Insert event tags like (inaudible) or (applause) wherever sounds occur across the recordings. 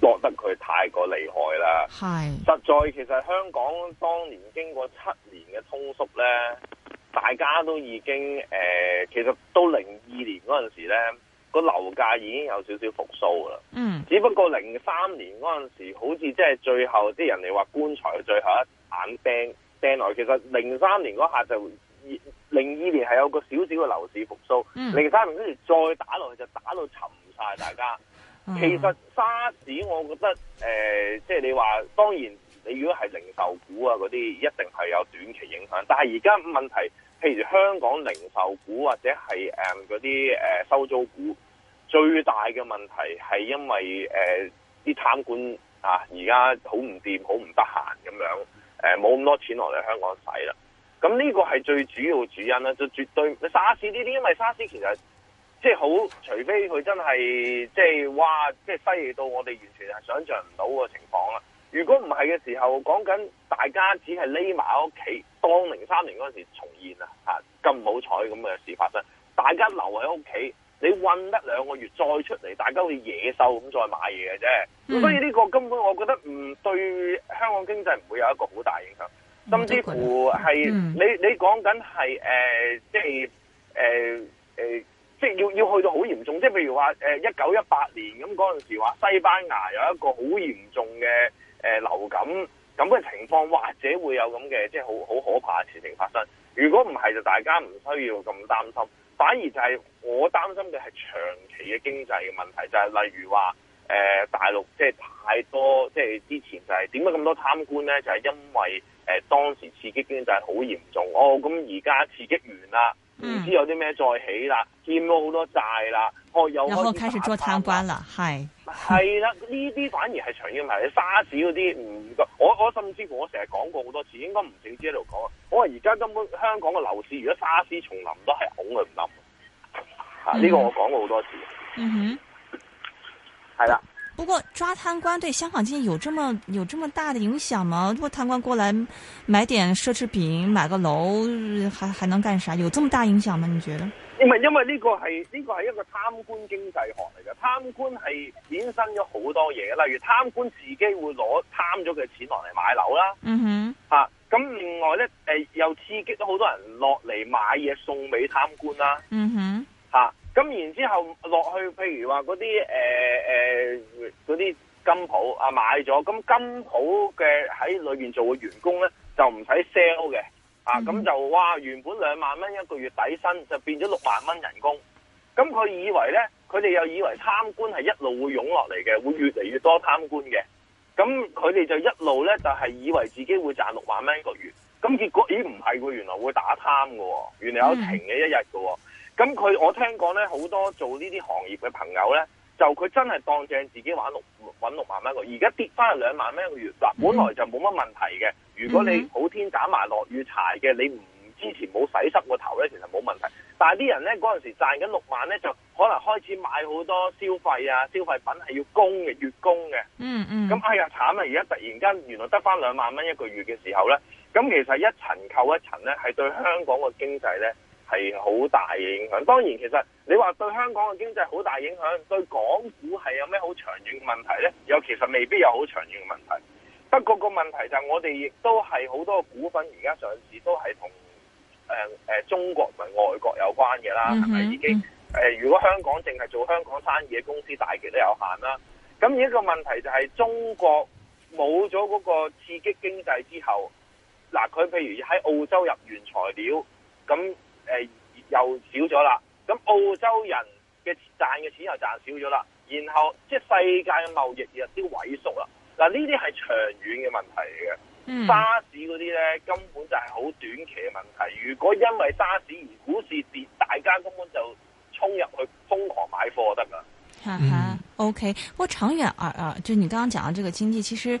覺得佢太過厲害啦，係實在其實香港當年經過七年嘅通縮咧，大家都已經誒、呃，其實到零二年嗰陣時咧，個樓價已經有少少復蘇啦。嗯，只不過零三年嗰陣時，好似即係最後，即係人哋話棺材最後一盞釘釘落，其實零三年嗰下就零二年係有個少少嘅樓市復蘇，零、嗯、三年跟住再打落去就打到沉晒，大家。嗯嗯、其實沙士、嗯，我覺得誒，即、呃、係、就是、你話，當然你如果係零售股啊嗰啲，一定係有短期影響。但係而家問題，譬如香港零售股或者係誒嗰啲收租股，最大嘅問題係因為誒啲貪官啊，而家好唔掂，好唔得閒咁樣，冇、呃、咁多錢落嚟香港使啦。咁呢個係最主要主因啦，就絕對沙士呢啲，因為沙士其實。即係好，除非佢真係即係哇，即係犀利到我哋完全係想象唔到個情況啦。如果唔係嘅時候，講緊大家只係匿埋喺屋企，當零三年嗰陣時重現啊吓，咁好彩咁嘅事發生，大家留喺屋企，你混得兩個月再出嚟，大家會野獸咁再買嘢嘅啫。所以呢個根本我覺得唔對香港經濟唔會有一個好大影響，甚至乎係、嗯、你你講緊係誒即係誒誒。呃呃即係要要去到好嚴重，即係譬如話，誒一九一八年咁嗰陣時話西班牙有一個好嚴重嘅誒流感咁嘅情況，或者會有咁嘅即係好好可怕嘅事情發生。如果唔係就大家唔需要咁擔心，反而就係我擔心嘅係長期嘅經濟嘅問題，就係例如話誒大陸即係太多即係之前就係點解咁多貪官咧？就係因為誒當時刺激經濟好嚴重，哦咁而家刺激完啦。唔知有啲咩再起啦，欠咗好多債啦，我有。然後開始捉貪官啦，係係啦，呢啲、嗯、反而係長遠嚟。沙士嗰啲唔，我我、嗯、甚至乎我成日講過好多次，應該唔淨止喺度講啊。我話而家根本香港嘅樓市，如果沙士重臨都係恐佢唔冧。啊，呢個我講過好多次。嗯哼。係啦。嗯嗯。不過抓貪官對香港經濟有這麼有這麼大的影響嗎？如果貪官過來買點奢侈品買個樓，還還能幹啥？有這麼大影響嗎？你覺得？因為因為呢個係呢個係一個貪官經濟學嚟嘅，貪官係衍生咗好多嘢，例如貪官自己會攞貪咗嘅錢落嚟買樓啦。嗯哼，吓、啊、咁另外咧誒、呃、又刺激咗好多人落嚟買嘢送俾貪官啦、啊。嗯哼，吓、啊。咁然之後落去，譬如話嗰啲誒誒嗰啲金譜啊買咗，咁金舖嘅喺裏面做嘅員工咧就唔使 sell 嘅啊，咁就哇原本兩萬蚊一個月底薪就變咗六萬蚊人工，咁佢以為咧，佢哋又以為貪官係一路會湧落嚟嘅，會越嚟越多貪官嘅，咁佢哋就一路咧就係以為自己會賺六萬蚊一個月，咁結果咦唔係喎，原來會打貪喎，原來有停嘅一日喎。咁佢我聽講咧，好多做呢啲行業嘅朋友咧，就佢真係當正自己玩六搵六萬蚊一個月，而家跌翻去兩萬蚊一個月。嗱，本來就冇乜問題嘅。如果你好天斬埋落雨柴嘅，你唔之前冇洗濕個頭咧，其實冇問題。但係啲人咧嗰陣時賺緊六萬咧，就可能開始買好多消費啊，消費品係要供嘅月供嘅。嗯嗯。咁哎呀慘啊！而家突然間原來得翻兩萬蚊一個月嘅時候咧，咁其實一層扣一層咧，係對香港個經濟咧。係好大嘅影響。當然，其實你話對香港嘅經濟好大影響，對港股係有咩好長遠嘅問題呢？有其實未必有好長遠嘅問題。不過個問題就係我哋亦都係好多股份而家上市都係同誒誒中國同埋外國有關嘅啦，係咪，mm-hmm. 已經？誒，如果香港淨係做香港生意嘅公司，大極都有限啦。咁而一個問題就係中國冇咗嗰個刺激經濟之後，嗱佢譬如喺澳洲入原材料咁。誒，又少咗啦。咁澳洲人嘅賺嘅錢又賺少咗啦。然後即係世界嘅貿易亦都萎縮啦。嗱，呢啲係長遠嘅問題嚟嘅。嗯，沙士嗰啲咧根本就係好短期嘅問題。如果因為沙士而股市跌，大家根本就衝入去瘋狂買貨得噶。吓、嗯、吓 (noise) ，OK。不過長遠啊啊，就你剛剛講到呢個經濟，其實。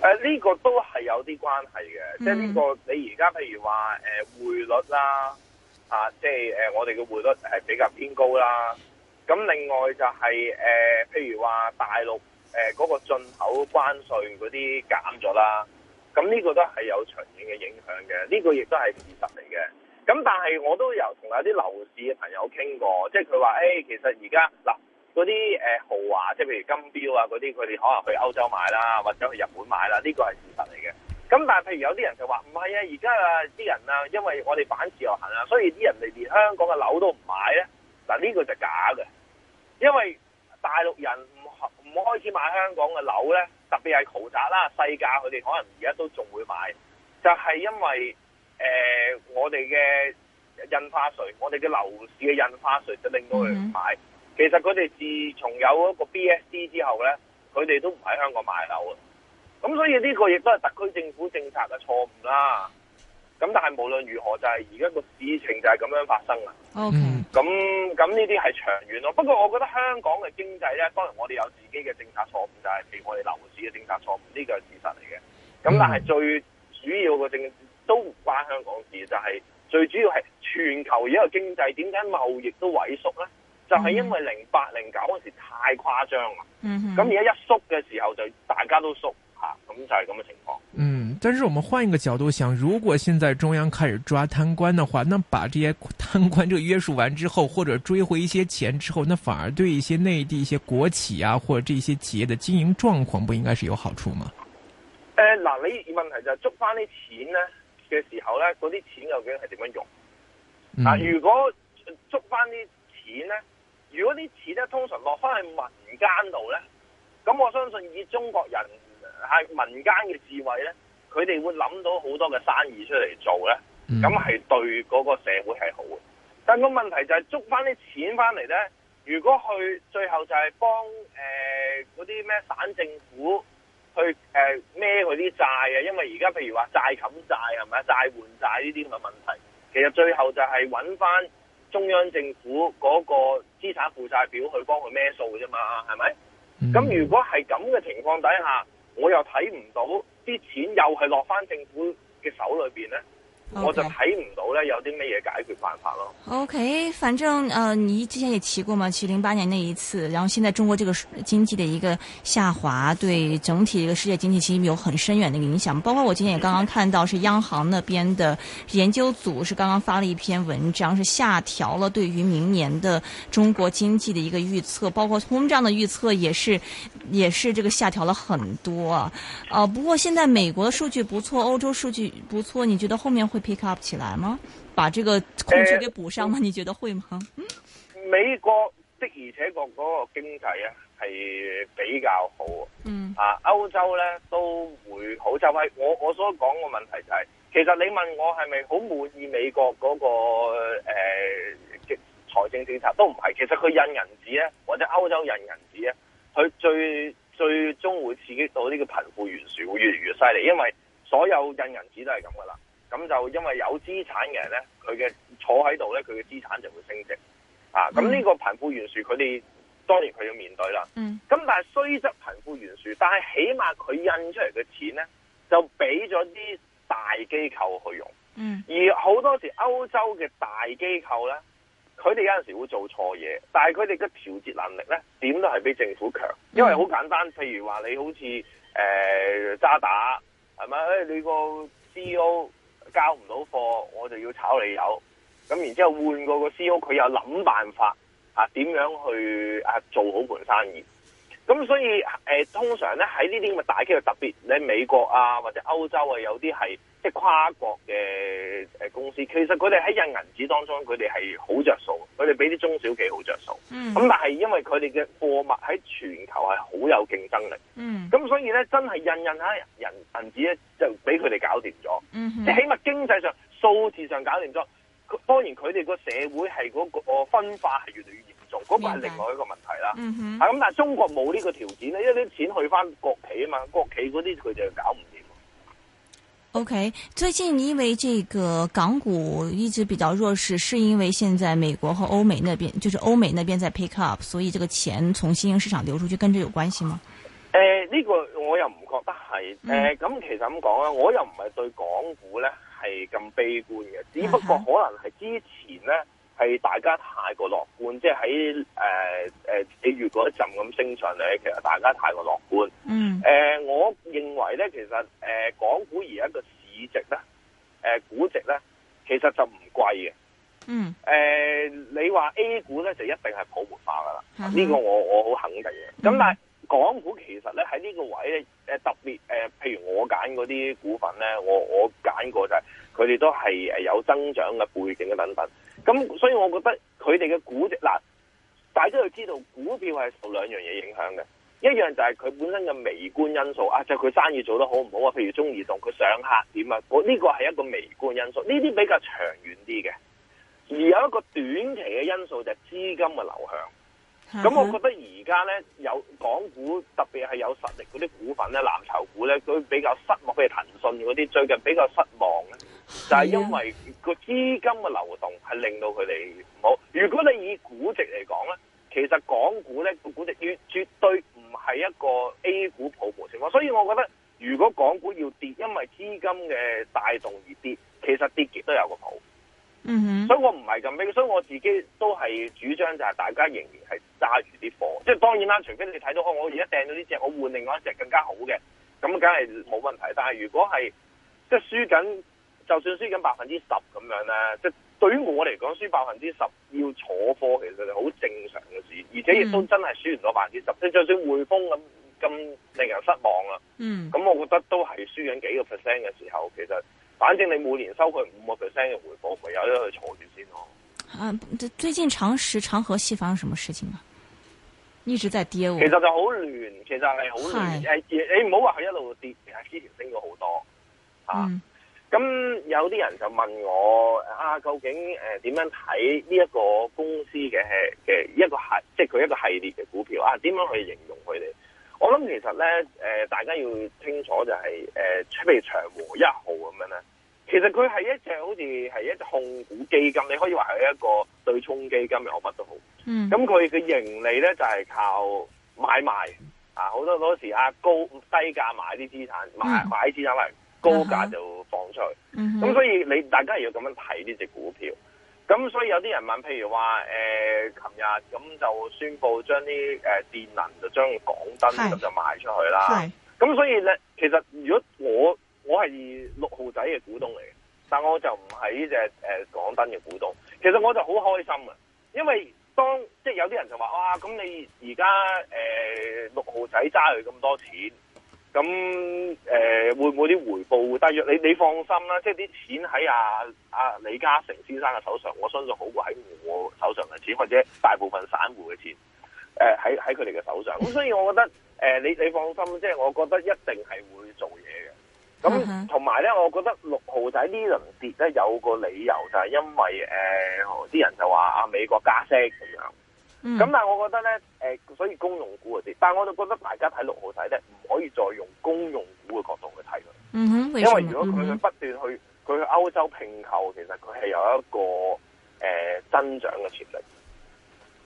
誒、呃、呢、這個都係有啲關係嘅，mm -hmm. 即係呢個你而家譬如話誒匯率啦，啊，即係誒我哋嘅匯率係比較偏高啦。咁另外就係、是、誒、呃、譬如話大陸誒嗰個進口關稅嗰啲減咗啦，咁呢個都係有長遠嘅影響嘅，呢、這個亦都係事實嚟嘅。咁但係我都有同有啲樓市嘅朋友傾過，即係佢話誒，其實而家嗱。嗰啲誒豪華，即係譬如金錶啊嗰啲，佢哋可能去歐洲買啦，或者去日本買啦，呢個係事實嚟嘅。咁但係譬如有啲人就話唔係啊，而家啊啲人啊，因為我哋反自由行啊，所以啲人哋連香港嘅樓都唔買咧。嗱呢個就假嘅，因為大陸人唔唔開始買香港嘅樓咧，特別係豪宅啦、細價，佢哋可能而家都仲會買，就係、是、因為誒、呃、我哋嘅印花稅，我哋嘅樓市嘅印花稅就令到佢唔買。其實佢哋自從有嗰個 B S D 之後呢，佢哋都唔喺香港買樓。咁所以呢個亦都係特區政府政策嘅錯誤啦。咁但係無論如何，就係而家個事情就係咁樣發生啊。O K。咁咁呢啲係長遠咯。不過我覺得香港嘅經濟呢，當然我哋有自己嘅政策錯誤，就係譬如我哋樓市嘅政策錯誤，呢個係事實嚟嘅。咁但係最主要嘅政策都唔關香港事，就係最主要係全球而家經濟點解貿易都萎縮呢？就係、是、因為零八零九嗰時太誇張啦，咁而家一縮嘅時候就大家都縮吓，咁、啊、就係咁嘅情況。嗯，但是我們換一個角度想，如果現在中央開始抓貪官的話，那把這些貪官，這個約束完之後，或者追回一些錢之後，那反而對一些內地一些國企啊，或者這些企業的經營狀況，不應該是有好處嗎？誒、呃，嗱，你問題就係、是、捉翻啲錢呢嘅時候呢，嗰啲錢究竟係點樣用？嗱、嗯啊，如果捉翻啲錢呢。如果啲錢咧，通常落翻去民間度咧，咁我相信以中國人係民間嘅智慧咧，佢哋會諗到好多嘅生意出嚟做咧，咁係對嗰個社會係好嘅。但個問題就係捉翻啲錢翻嚟咧，如果去最後就係幫誒嗰啲咩省政府去誒孭佢啲債啊，因為而家譬如話債冚債係咪啊？債換債呢啲咁嘅問題，其實最後就係揾翻。中央政府嗰個資產負債表去幫佢孭數嘅啫嘛，係咪？咁如果係咁嘅情況底下，我又睇唔到啲錢又係落翻政府嘅手裏邊呢。Okay. 我就睇唔到呢有啲乜嘢解決辦法咯。O、okay, K，反正，呃你之前也提過嘛，其實零八年那一次，然後現在中國這個經濟的一個下滑，對整體的一個世界經濟其實有很深遠的影響。包括我今天也剛剛看到，是央行那邊的研究組是剛剛發了一篇文章，是下調了對於明年的中國經濟的一個預測。包括通脹的預測，也是，也是這個下調了很多。啊、呃。不過現在美國的數據不錯，歐洲數據不錯，你覺得後面會？pick up 起來嗎？把這個控制給補上嗎？呃、你覺得會嗎？嗯、美國的而且個嗰個經濟啊係比較好，嗯啊歐洲咧都會好，就係我我所講嘅問題就係、是，其實你問我係咪好滿意美國嗰、那個誒政、呃、財政政策都唔係，其實佢印銀紙咧或者歐洲印銀紙咧，佢最最終會刺激到呢個貧富懸殊會越嚟越犀利，因為所有印銀紙都係咁噶啦。咁就因為有資產嘅人咧，佢嘅坐喺度咧，佢嘅資產就會升值。啊，咁、嗯、呢個貧富懸殊，佢哋當然佢要面對啦。嗯。咁但係雖則貧富懸殊，但係起碼佢印出嚟嘅錢咧，就俾咗啲大機構去用。嗯。而好多時歐洲嘅大機構咧，佢哋有陣時會做錯嘢，但係佢哋嘅調節能力咧，點都係比政府強。嗯、因為好簡單，譬如話你好似誒、呃、渣打，係咪？你個 CEO 交唔到貨，我就要炒你魷。咁然之後換過個 CEO，佢又諗辦法啊，點樣去啊做好盤生意？咁所以誒、呃，通常咧喺呢啲咁嘅大企業，特別喺美國啊或者歐洲啊，有啲係。即係跨國嘅誒公司，其實佢哋喺印銀紙當中，佢哋係好着數，佢哋俾啲中小企好着數。咁、mm -hmm. 但係因為佢哋嘅貨物喺全球係好有競爭力，咁、mm -hmm. 所以咧真係印印喺人銀紙咧就俾佢哋搞掂咗。即、mm -hmm. 起碼經濟上數字上搞掂咗。當然佢哋個社會係嗰個分化係越嚟越嚴重，嗰個係另外一個問題啦。咁、mm -hmm.，但係中國冇呢個條件咧，因為啲錢去翻國企啊嘛，國企嗰啲佢就搞唔掂。O、okay. K，最近因為這個港股一直比較弱勢，是因為現在美國和歐美那邊就是歐美那邊在 pick up，所以這個錢從新興市場流出去，跟這有關係嗎？誒、呃，呢、這個我又唔覺得係誒，咁、呃、其實咁講啦，我又唔係對港股咧係咁悲觀嘅，只不過可能係之前咧。係大家太過樂觀，即係喺誒誒，你越過一陣咁升上嚟，其實大家太過樂觀。嗯。誒、呃，我認為咧，其實誒、呃，港股而家個市值咧，誒、呃、估值咧，其實就唔貴嘅。嗯。誒、呃，你話 A 股咧就一定係泡沫化㗎喇，呢、嗯，這個我我好肯定嘅。咁但係港股其實咧喺呢在這個位咧，誒特別誒、呃，譬如我揀嗰啲股份咧，我我揀過就係、是。佢哋都係誒有增長嘅背景嘅產品，咁所以我覺得佢哋嘅估值嗱，大家要知道股票係受兩樣嘢影響嘅，一樣就係佢本身嘅微觀因素啊，即係佢生意做得好唔好啊，譬如中移動佢上客點啊，呢、呢個係一個微觀因素，呢啲比較長遠啲嘅，而有一個短期嘅因素就係資金嘅流向，咁、嗯、我覺得而家咧有港股特別係有實力嗰啲股份咧，藍籌股咧，佢比較失望，譬如騰訊嗰啲最近比較失望嘅。就係、是、因為個資金嘅流動係令到佢哋唔好。如果你以估值嚟講咧，其實港股咧個估值越絕對唔係一個 A 股泡沫情況。所以我覺得如果港股要跌，因為資金嘅帶動而跌，其實跌極都有個譜。嗯、mm -hmm. 所以我唔係咁樣，所以我自己都係主張就係大家仍然係揸住啲貨。即係當然啦，除非你睇到我而家掟咗呢隻，我換另外一隻，隻更加好嘅，咁梗係冇問題。但係如果係即係輸緊。就算輸緊百分之十咁樣咧，即係對於我嚟講，輸百分之十要坐貨，其實係好正常嘅事，而且亦都真係輸唔到百分之十。你就算匯豐咁咁令人失望啦，嗯，咁我覺得都係輸緊幾個 percent 嘅時候，其實反正你每年收佢五個 percent 嘅回報，咪有得去坐住先咯。啊，最近長實長和係發生什麼事情啊？一直在跌喎，其實就好亂，其實係好亂。誒，你唔好話佢一路跌，其實之前升咗好多啊。嗯咁有啲人就問我啊，究竟誒點、呃、樣睇呢一個公司嘅嘅一個係，即係佢一個系列嘅股票啊？點樣去形容佢哋？我諗其實咧，誒、呃、大家要清楚就係、是，誒、呃、譬如長和一號咁樣咧，其實佢係一隻好似係一控股基金，你可以話係一個對沖基金又乜都好。咁佢嘅盈利咧就係、是、靠買賣啊，好多時啊高低價買啲資產，嗯、買買資產嚟。高價就放出去，咁、uh -huh. uh -huh. 所以你大家要咁樣睇呢隻股票。咁所以有啲人問，譬如話誒，琴日咁就宣布將啲誒電能就將港燈咁就賣出去啦。咁所以咧，其實如果我我係六號仔嘅股東嚟嘅，但我就唔係呢隻誒港燈嘅股東。其實我就好開心啊，因為當即係有啲人就話哇，咁、啊、你而家誒六號仔揸佢咁多錢。咁誒會唔會啲回報大咗？但你你放心啦，即係啲錢喺阿阿李嘉誠先生嘅手上，我相信好過喺我手上嘅錢，或者大部分散戶嘅錢，誒喺喺佢哋嘅手上。咁所以我覺得誒你你放心，即係我覺得一定係會做嘢嘅。咁同埋咧，我覺得六號仔呢輪跌咧有個理由就係因為誒啲人就話啊美國加息咁樣。咁、嗯嗯、但係我覺得咧，誒、呃，所以公用股嗰啲。但係我就覺得大家睇六號仔咧，唔可以再用公用股嘅角度去睇佢。嗯，因為如果佢佢不斷去佢去歐洲併購，其實佢係有一個誒、呃、增長嘅潛力。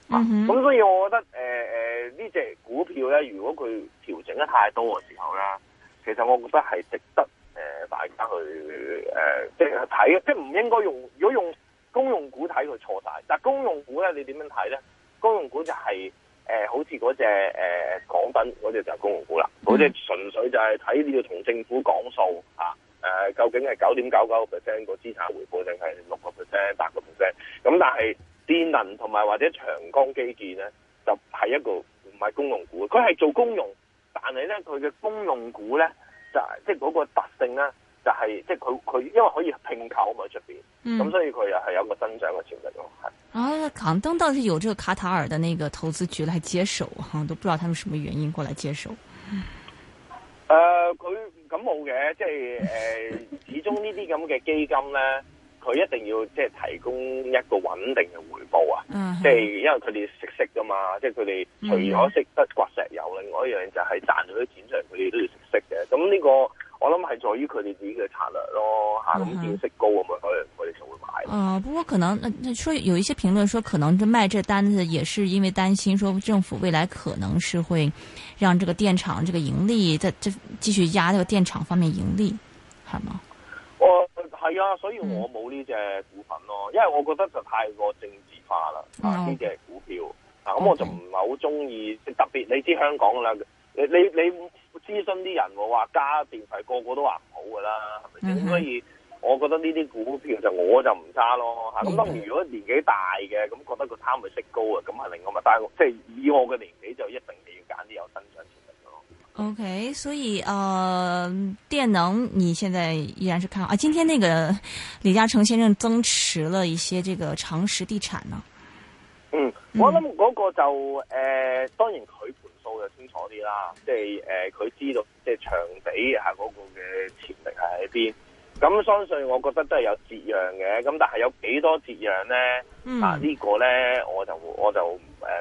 咁、啊嗯嗯、所以我覺得誒誒呢隻股票咧，如果佢調整得太多嘅時候啦，其實我覺得係值得誒、呃、大家去誒即係睇，即係唔應該用如果用公用股睇佢錯晒。但係公用股咧，你點樣睇咧？公用股就係、是、誒、呃，好似嗰隻、呃、港燈，嗰隻就係公用股啦，嗰隻純粹就係睇你要同政府講數嚇，誒、啊呃、究竟係九點九九個 percent 個資產回報定係六個 percent、八個 percent？咁但係電能同埋或者長江基建咧，就係、是、一個唔係公用股，佢係做公用，但係咧佢嘅公用股咧就係即係嗰個特性啦。就係、是、即係佢佢，因為可以併購嘛喺出邊，咁、嗯、所以佢又係有一個增長嘅潛力咯，係。哦、啊，港燈倒是有這個卡塔爾嘅那個投資局來接手哈、啊，都不知道他們什麼原因過來接手。誒、呃，佢感冒嘅，即係誒，始終呢啲咁嘅基金咧，佢 (laughs) 一定要即係、就是、提供一個穩定嘅回報啊！即、啊、係、就是、因為佢哋食息噶嘛，嗯、即係佢哋除咗識得刮石油，另外一樣就係賺到啲錢出嚟，佢哋都要食息嘅。咁呢、這個。我諗係在於佢哋自己嘅策略咯，吓，咁點息高啊嘛，佢哋佢哋就會買。哦、啊，不過可能，那說有一些評論說，可能就賣這單子，也是因為擔心，說政府未來可能是會讓這個電廠這個盈利，再繼續壓這個電廠方面盈利，係嘛？我、啊、係啊，所以我冇呢隻股份咯，因為我覺得就太過政治化啦。啊，呢隻股票，啊、咁、啊 okay、我就唔係好中意，特別你知香港啦，你你你。你諮詢啲人話加電費個個都話唔好嘅啦，係咪先？所以我覺得呢啲股票就我就唔揸咯嚇。咁當然如果年紀大嘅咁覺得個貪佢息高啊，咁係另外、就是。咪大。即係以我嘅年紀就一定係要揀啲有新增長潛力嘅咯。OK，所以誒、呃、電能，你現在依然是看好啊？今天那個李嘉誠先生增持了一些這個長實地產呢、啊？嗯，我諗嗰個就誒、呃，當然佢。我 (noise) 就清楚啲啦，即係誒，佢、呃、知道即係場地吓嗰個嘅潛力係喺邊，咁相信我覺得都係有折讓嘅，咁但係有幾多折讓咧？Mm. 啊，這個、呢個咧我就我就誒、呃，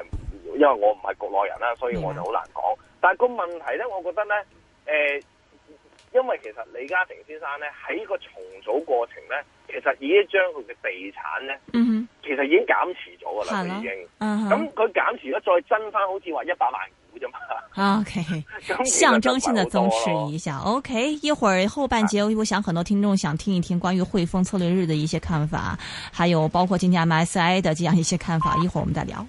因為我唔係國內人啦，所以我就好難講。Yeah. 但係個問題咧，我覺得咧，誒、呃。因為其實李嘉誠先生咧喺個重組過程咧，其實已經將佢嘅地產咧、嗯，其實已經減持咗噶啦，已經。咁、嗯、佢減持咗再增翻，好似話一百萬股啫嘛。O K，象徵性的增持一下。OK，一會兒後半節，我想很多聽眾想聽一聽關於匯豐策略日的一些看法，還有包括今天 M S I 的這樣一些看法，一會兒我們再聊。